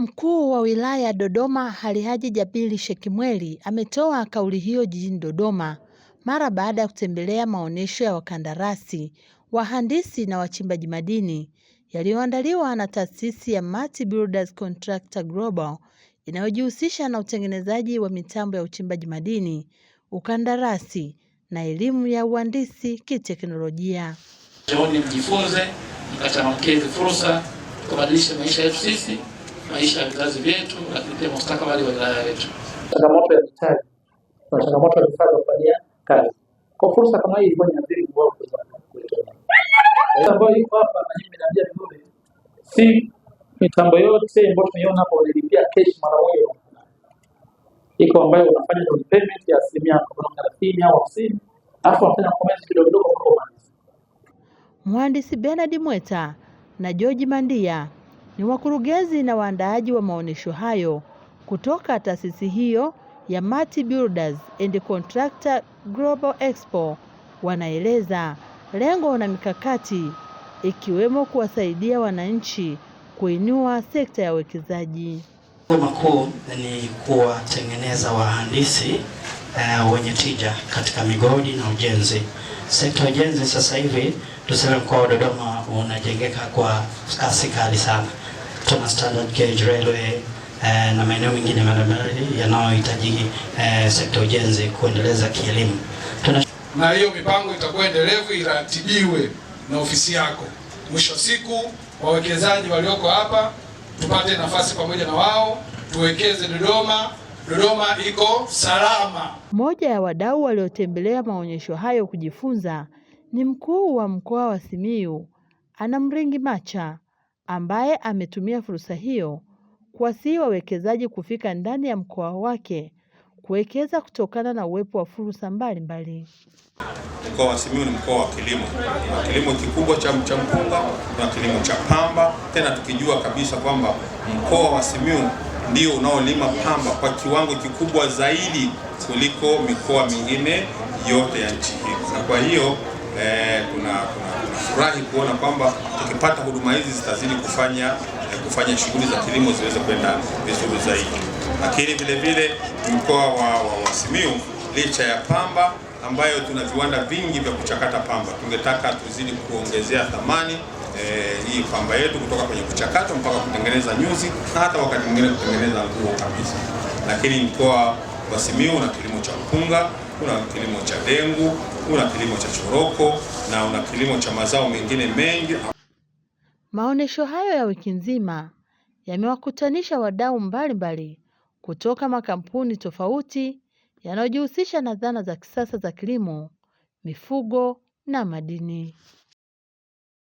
Mkuu wa Wilaya Dodoma Alhaji Jabir shekimweli ametoa kauli hiyo jijini Dodoma mara baada ya kutembelea maonesho ya wakandarasi, wahandisi na wachimbaji madini yaliyoandaliwa na taasisi ya Mati Builders Contractor Global inayojihusisha na utengenezaji wa mitambo ya uchimbaji madini, ukandarasi na elimu ya uhandisi kiteknolojia. Njooni mjifunze, mkachangamkie hizi fursa, kubadilisha maisha yetu sisi maisha ya vizazi vyetu, lakini pia mustakabali wa wilaya yetu. Changamoto ya mitaji na changamoto ya vifaa vya kufanyia kazi, kwa fursa kama hii ilikuwa inaadhiri nguvu ambayo iko hapa, na mimi naambia vizuri, si mitambo yote ambayo tunaiona hapo wanalipia cash mara moja. Iko ambayo unafanya down payment ya asilimia thelathini au hamsini alafu unafanya komezi kidogo kidogo. Mhandisi Benard Mweta na George Mandia ni wakurugenzi na waandaaji wa maonyesho hayo kutoka taasisi hiyo ya Mati Builders and Contractor Global Expo wanaeleza lengo na mikakati ikiwemo kuwasaidia wananchi kuinua sekta ya uwekezaji. Makuu ni kuwatengeneza wahandisi uh, wenye tija katika migodi na ujenzi. Sekta ya ujenzi sasa hivi tuseme mkoa wa Dodoma unajengeka kwa kasi kali sana tuna standard gauge railway eh, na maeneo mengine mbalimbali yanayohitaji eh, sekta ujenzi kuendeleza kielimu. Tuna... na hiyo mipango itakuwa endelevu, iratibiwe na ofisi yako. Mwisho siku wawekezaji walioko hapa tupate nafasi pamoja na wao tuwekeze Dodoma. Dodoma iko salama. moja ya wadau waliotembelea maonyesho hayo kujifunza ni mkuu wa mkoa wa Simiyu Anamringi Macha ambaye ametumia fursa hiyo kuwasihi wawekezaji kufika ndani ya mkoa wake kuwekeza kutokana na uwepo wa fursa mbalimbali. Mkoa wa Simiyu ni mkoa wa kilimo, na kilimo kikubwa cha mpunga na kilimo cha pamba, tena tukijua kabisa kwamba mkoa wa Simiyu ndio unaolima pamba kwa kiwango kikubwa zaidi kuliko mikoa mingine yote ya nchi hii, na kwa hiyo eh, kuna, kuna tunafurahi kuona kwamba tukipata huduma hizi zitazidi kufanya eh, kufanya shughuli za kilimo ziweze kwenda vizuri zaidi. Lakini vile vile mkoa wa, wa, wa Simiyu licha ya pamba ambayo tuna viwanda vingi vya kuchakata pamba, tungetaka tuzidi kuongezea thamani e, hii pamba yetu kutoka kwenye kuchakata mpaka kutengeneza nyuzi na hata wakati mwingine kutengeneza nguo kabisa. Lakini mkoa wa Simiyu una kilimo cha mpunga, kuna kilimo cha dengu una kilimo cha choroko na una kilimo cha mazao mengine mengi. Maonesho hayo ya wiki nzima yamewakutanisha wadau mbalimbali kutoka makampuni tofauti yanayojihusisha na dhana za kisasa za kilimo, mifugo na madini.